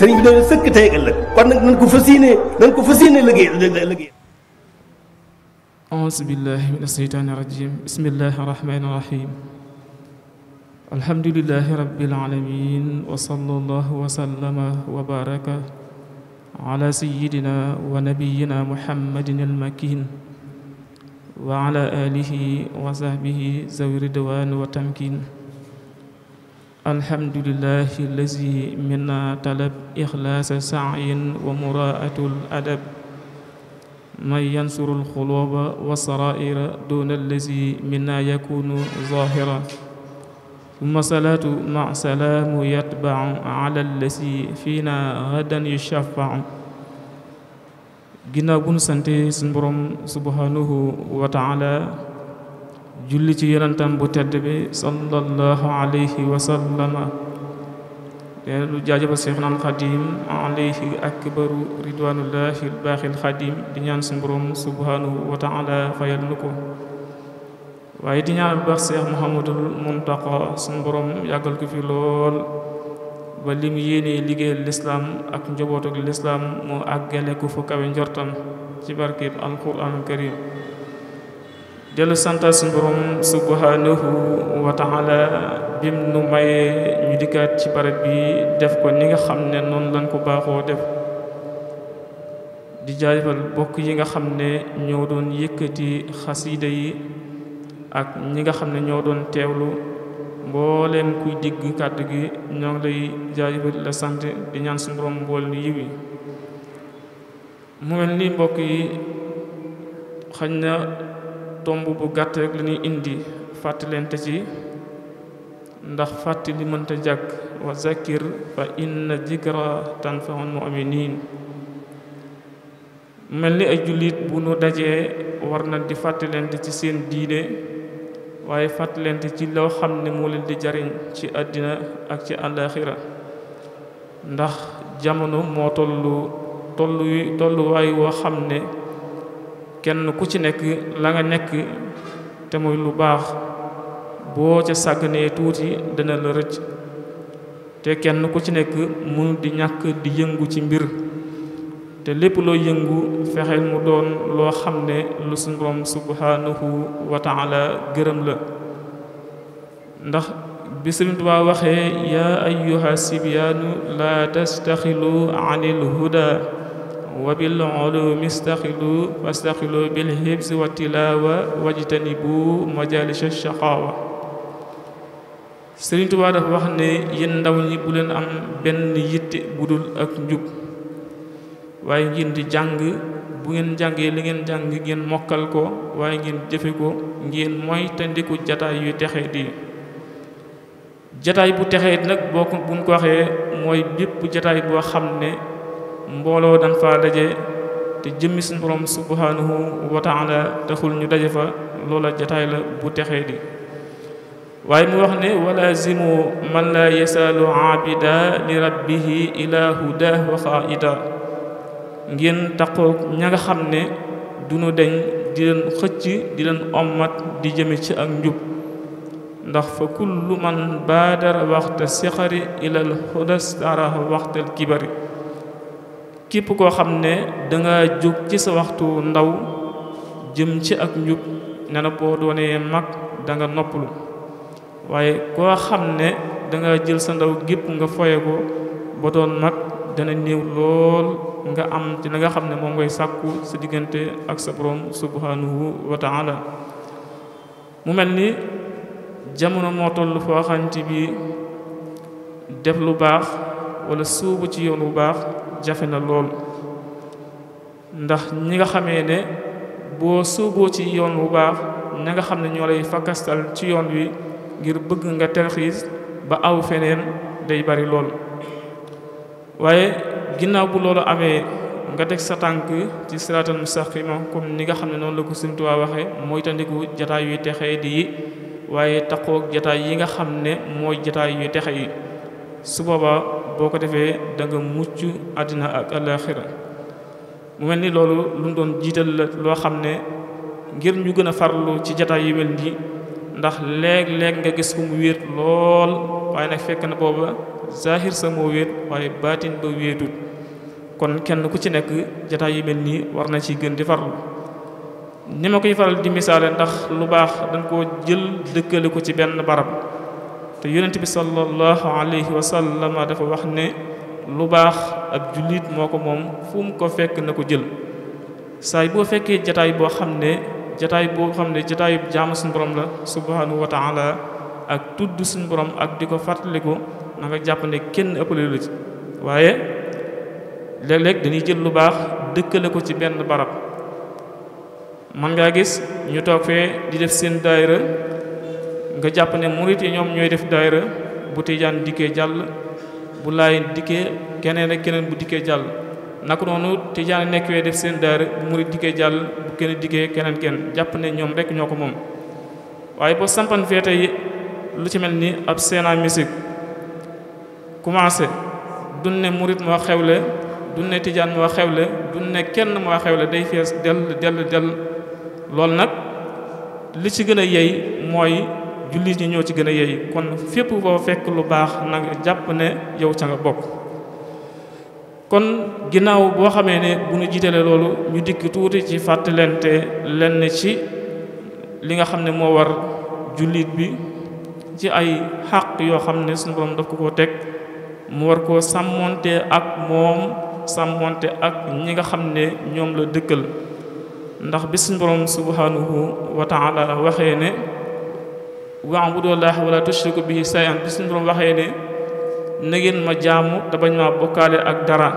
sëriñ bi dana sëkk tey ëllëg kon nag nañ ko fas yéene nañ ko fas yéene liggéey liggéey أعوذ بالله من الشيطان الرجيم بسم الله الرحمن الرحيم الحمد لله رب العالمين وصلى الله وسلم وبارك على سيدنا ونبينا محمد المكين وعلى آله وصحبه ذوي الرضوان والتمكين alhamdulillahi allazi minna talab ikhlaasa sa'yin wa mura'atul adab man yansurul xuluuba wa saraa'ira duna allazi minna yakunu zaahira summa salaatu ma salaamu yatba'u ala allazi fiina gadan yushaffa'u ginnaaw bu nu sante sunu Boroom subhaanahu wa ta'ala julli ci yonentam bu tedd bi sallallahu alayhi wa sallama lu jaajëfal Seexna al Xadim alayhi akbaru ridwanullahi al baaxil di ñaan suñu borom subhanahu wa taala fayal nu ko waaye di ñaan bu Seex Muhammadul Muntaqa suñu borom yàggal ko fi lool ba lim yéene liggéeyal lislaam ak njobootuk lislaam moo àggale ko fu kawe njortam ci barkeb alquranul karim dellu santa suñu borom subhanahu wa taala bim nu mayee ñu dikkaat ci barab bi def ko ni nga xam ne noonu lañ ko baaxoo def di jaajëfal bokk yi nga xam ne ñoo doon yëkkati xasiida yi ak ñi nga xam ne ñoo doon teewlu mbooleem kuy digg kàddu gi ñoo ngi lay jaajëfal la sant di ñaan suñu borom mbool ni yiw yi mu mel ni mbokk yi xañ na tomb bu gàtt rek la ñuy indi fàttalente ci ndax fàttali mënta jàkk wa zakir fa inna zikra tanfa'ul mu'minin mel ni ay jullit bu nu dajee war na di fàttalente ci seen diine waaye fàttalente ci loo xam ne moo leen di jariñ ci àddina ak ci àllaaxira ndax jamono moo tollu tolluwaay woo xam ne kenn ku ci nekk la nga nekk te muy lu baax boo ca sàgganee tuuti dana la rëcc te kenn ku ci nekk mënu di ñàkk di yëngu ci mbir te lépp loo yëngu fexeel mu doon loo xam ne lu suñu borom subhanahu wa taala gërëm la ndax bi Sëriñ Tuubaa waxee yaa ayyuha sibyaanu laa tastaxilu anil huda wa bil ulumi istaxilu wastaxilu bil hibsi wa tilaawa wajtanibu majalis shaqaawa Sëriñ dafa wax ne yéen ndaw ñi bu leen am benn yitte bu dul ak njub waaye ngeen di jàng bu ngeen jàngee li ngeen jàng ngeen mokkal ko waaye ngeen jëfe ko ngeen mooy tandiku jataay yu texee di jataay bu texee nag boo ko bu ñu ko waxee mooy bépp jataay boo xam ne mbooloo dañ fa daje te jëmmi suñu borom subhanahu wa taala taxul ñu daje fa loola jataay la bu texee di waaye mu wax ne walazimu man la yasaalu abida li rabbihi ila huda wa xaida ngeen taqoog ña nga xam ne duñu deñ di leen xëcc di leen ommat di jëme ci ak njub ndax fa kullu man baadara waxta sixari ilal hudastara waxtal kibari képp koo xam ne danga jóg ci sa waxtu ndaw jëm ci ak njub ne na boo doonee mag danga noppalu waaye koo xam ne danga jël sa ndaw gépp nga foye ko ba doon mag dana néew lool nga am ci la nga xam ne moom ngay sàkku sa diggante ak sa borom subhanahu wa taala mu mel ni jamono moo toll foo xamante bi def lu baax walla suubu ci yoon wu baax jafe na lool ndax ñi nga xamee ne boo sóoboo ci yoon bu baax ña nga xam ne ñoo lay fakastal ci yoon wi ngir bëgg nga terxiis ba aw feneen day bari lool waaye ginnaaw bu loolu amee nga teg sa tànk ci siraatal mustaqima comme ni nga xam ne noonu la ko Sëriñ Tuubaa waxee mooy tandiku jataay yuy texe di yi waaye taqoog jataay yi nga xam ne mooy jataay yuy texe yi su boobaa boo ko defee da nga mucc àddina ak alaxira mu mel ni loolu lu mu doon jiital la loo xam ne ngir ñu gën a farlu ci jataay yu mel nii ndax léeg-léeg nga gis ko mu wéet lool waaye nag fekk na booba zahir sa moo wéet waaye baatin ba wéetut kon kenn ku ci nekk jataay yu mel nii war na ci gën di farlu ni ma koy faral di misaale ndax lu baax dañ koo jël dëkkale ko ci benn barab te yonent bi sallallahu alayhi wa sallam dafa wax ne lu baax ab jullit moo ko moom fu mu ko fekk na ko jël saay boo fekkee jataay boo xam ne jataay boo xam ne jataayub jaamu suñu borom la subhanahu wa taala ak tudd suñu borom ak di ko fàttaliku na nga jàpp ne kenn ëppale lu waaye léeg-léeg dañuy jël lu baax dëkkale ko ci benn barab man ngaa gis ñu toog fee di def seen daayira nga jàpp ne murit yi ñoom ñooy def daayira bu tijaan dikkee jàll bu laay dikkee keneen ak keneen bu dikkee jàll naka noonu tijaan yi nekk wee def seen daayira bu murit dikkee jàll bu kenn dikkee keneen kenn jàpp ne ñoom rek ñoo ko moom waaye boo sampan fee tey lu ci mel ni ab seena musique commencé dun ne murit moo xewle dun ne tijaan moo xewle dun ne kenn moo xewle day fees dell dell dell lool nag li ci gën a yey mooy jullit ñi ñoo ci gën a yey kon fépp boo fekk lu baax na jàpp ne yow ca nga bokk kon ginnaaw boo xamee ne bu ñu jiitalee loolu ñu dikk tuuti ci fàttalente lenn ci li nga xam ne moo war jullit bi ci ay xàq yoo xam ne suñu borom daf ko koo teg mu war koo sàmmonte ak moom sàmmonte ak ñi nga xam ne ñoom la dëkkal ndax bi suñu borom subhanahu wa taala waxee ne wa'budullaha wala tushriku bihi shay'an bi suñu borom waxee ne na ma jaamu te bañ maa bokkaale ak dara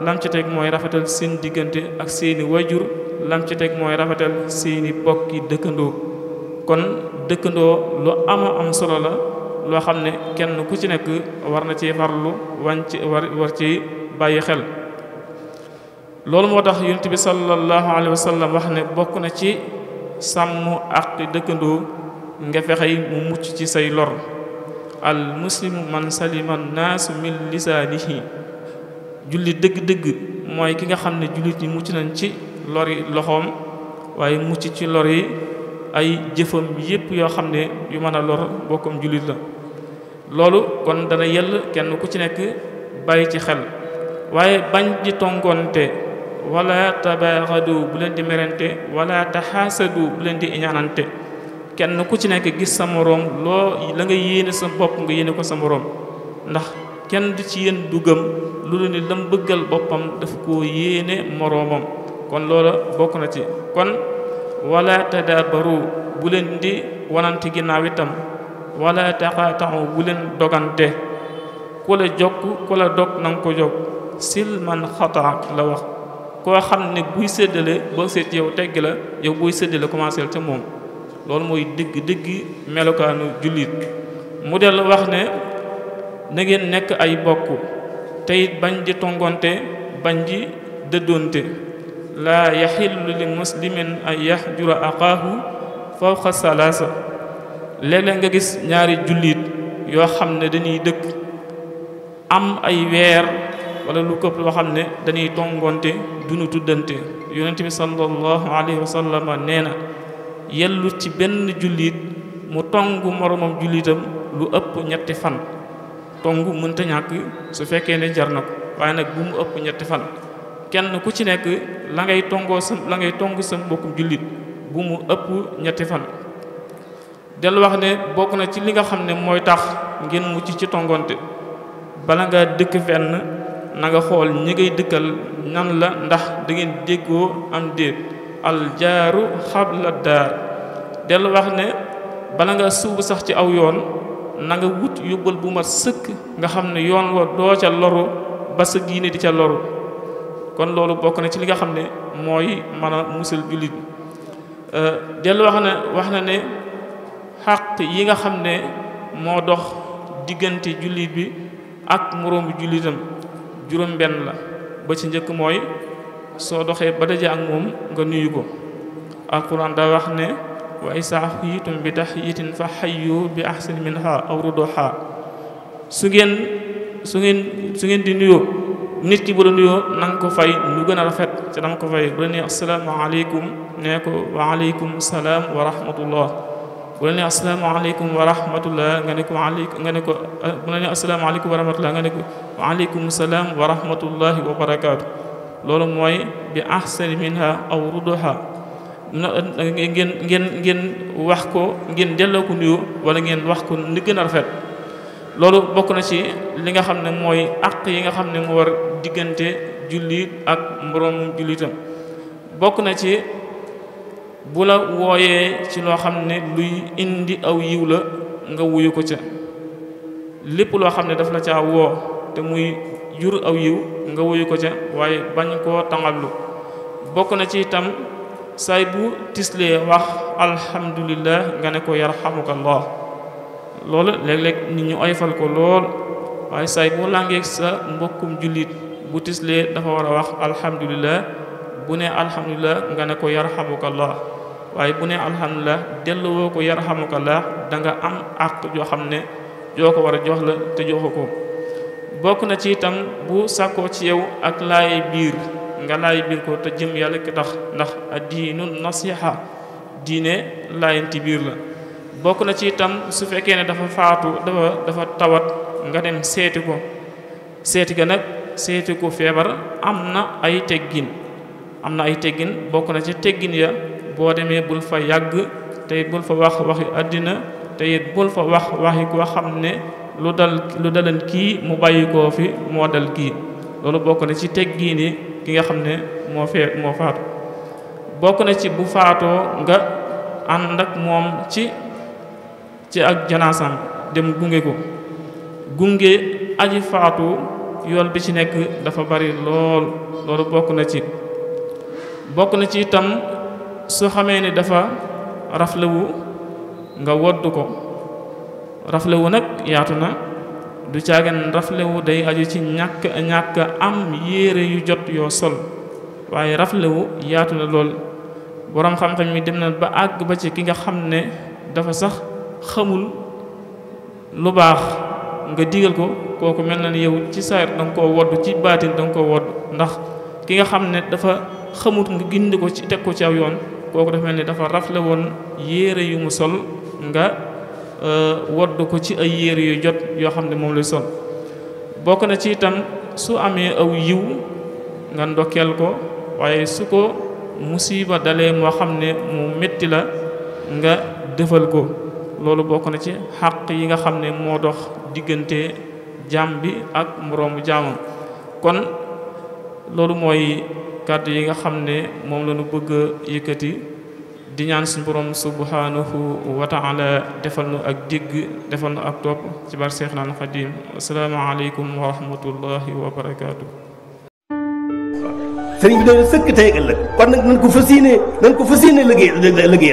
lam ci teg mooy rafetal seen diggante ak seeni wajur lam ci teg mooy rafetal seeni bokki dëkkandoo kon dëkkandoo lu ama am solo la loo xam ne kenn ku ci nekk war na ci farlu wañ ci war war ci bàyyi xel loolu moo tax yu yonent bi sallallahu alayhi wa sallam wax ne bokk na ci sàmm ak dëkkandoo nga fexey mu mucc ci say lor al muslimu man salima naasu min lisaanihi julli dëgg-dëgg mooy ki nga xam ne jullit yi mucc nañ ci lori loxoom waaye mucc ci lori ay jëfam yépp yoo xam ne yu mën a lor bokkam jullit la loolu kon dana yell kenn ku ci nekk bàyyi ci xel waaye bañ di tongonte wala tabaxadu bu leen di merente wala taxaasadu bu leen di iñaanante kenn ku ci nekk gis sa moroom loo la nga yéene sa bopp nga yéene ko sa moroom ndax kenn di ci yéen du gëm loolu ni lam bëggal boppam dafa ko yéene moroomam kon loola bokk na ci kon wala tadabaru bu leen di wanante ginnaaw itam wala taqaataxu bu leen dogante ku la jokk ku la dog na ko jog sil man xataa la wax koo xam ne buy séddale boo seet yow tegg la yow buy séddale commencé ca moom loolu mooy digg dëgg melokaanu jullit mu del wax ne na ngeen nekk ay bokk teyit bañ di tongonte bañ di dëddoonte laa yaxillu li muslimin ay yaxjura aqaahu fawqa salaasa léeg nga gis ñaari jullit yoo xam ne dañuy dëkk am ay weer walla lu këpp loo xam ne dañuy tongonte duñu tuddante yonent bi sallallahu alayhi wa nee na yellut ci benn jullit mu tong moroomam jullitam lu ëpp ñetti fan tong mënta ñàkk su fekkee ne jar na ko waaye nag bu mu ëpp ñetti fan kenn ku ci nekk la ngay ngay tong sa mbokkum jullit bu mu ëpp ñetti fan del ne bokk na ci li nga xam ne mooy tax ngeen mucc ci tongonte bala nga dëkk fenn na nga xool ñi ngay dëkkal nan la ndax dangeen déggoo am déet aljaaru xabla daar dellu wax ne bala nga suubu sax ci aw yoon nanga nga wut yóbbal bu mat sëkk nga xam ne yoon wa doo ca loru ba sa diine di ca loru kon loolu bokk na ci li nga xam ne mooy mën a musal jullit euh, dellu wax na wax na ne xaq yi nga xam ne moo dox diggante jullit bi ak moroomu jullitam juróom benn la ba ci njëkk mooy soo doxee ba daje ak moom nga nuyu ko alquran daa wax ne wa isaa xuyitum bi taxiyatin fa xayyu bi ahsani minha aw ruduha su ngeen su ngeen su ngeen di nuyoo nit ki bu la nuyoo na ko fay nu gën a rafet ci na ko fay bu la nee assalaamu aleykum nee ko waaleykum salaam wa nga ne ko waaleykum nga ne ko bu la nee assalaamu aleykum wa nga ne ko waaleykum salaam wa wa barakaatu loolu mooy bi ahsani minha aw ruduha ngeen ngeen ngeen wax ko ngeen delloo ko nuyu wala ngeen wax ko li gën a rafet loolu bokk na ci li nga xam ne mooy àq yi nga xam ne mu war diggante jullit ak moroom jullitam bokk na ci bu la wooyee ci loo xam ne luy indi aw yiw la nga wuyu ko ca lépp loo xam ne daf la caa woo te muy jur aw yiw nga wuyu ko ca waaye bañ koo tàngallu bokk na ci itam saay bu tislee wax alhamdulillah nga ne ko yar loolu léeg-léeg nit ñu ko lool waaye saay bu làngeeg sa mbokkum jullit bu tislee dafa war a wax alhamdulillah bu ne alhamdulillah nga ne ko yarhamukallah waaye bu ne alhamdulillah delloo ko yar yarhamukallah da danga am àq joo xam ne joo ko war a jox la te joxu ko bokk na ci itam bu sàkkoo ci yow ak laay biir nga laay biir ko te jëm yàlla ki tax ndax a addiinu nasiha diine laayanti biir la bokk na ci itam su fekkee ne dafa faatu dafa dafa tawat nga dem seeti ko seeti ka nag seeti ko feebar am na ay teggin am na ay teggin bokk na ci teggin ya boo demee bul fa yàgg tey bul fa wax waxi àddina te it bul fa wax waxi ko xam ne lu dal lu kii mu bàyyi koo fi moo dal kii loolu bokk na ci teg teggiini ki nga xam ne moo fee moo faatu bokk na ci bu faatoo nga ànd ak moom ci ci ak janaasam dem gunge ko gunge aji faatu yool bi ci nekk dafa bari lool loolu bokk na ci bokk na ci itam su xamee ni dafa raflewu nga wodd ko raflewu nag yaatu na du caagen raflewu day aju ci ñàkk ñàkk am yére yu jot yoo sol waaye raflewu yaatu na lool boroom xam-xam yi dem na ba àgg ba ci ki nga xam ne dafa sax xamul lu baax nga digal ko kooku mel na ni yow ci saayir danga koo wodd ci baatin danga koo wodd ndax ki nga xam ne dafa xamut nga gindi ko ci teg ko ci aw yoon kooku dafa mel ni dafa rafle yére yu mu sol nga Euh, wodd ko ci ay yére yu jot yoo xam ne moom lay sol bokk na ci itam su amee aw yiw nga ndokkeel ko waaye su ko musiba dalee moo xam ne mu metti la nga dëfal ko loolu bokk na ci xàq yi nga xam ne moo dox diggante jaam bi ak moroomu jaamam kon loolu mooy kàddu yi nga xam ne moom la ñu bëgg a yëkkati di ñaan suñu borom subhanahu wa taala defal nu ak dégg defal nu ak topp ci bar Seex naan Xadim asalaamaaleykum wa rahmatullahi wa barakaatu. sëriñ bi dañu sëkk tey ëllëg kon nag nañ ko fas yéene nañ ko fas yéene liggéey liggéey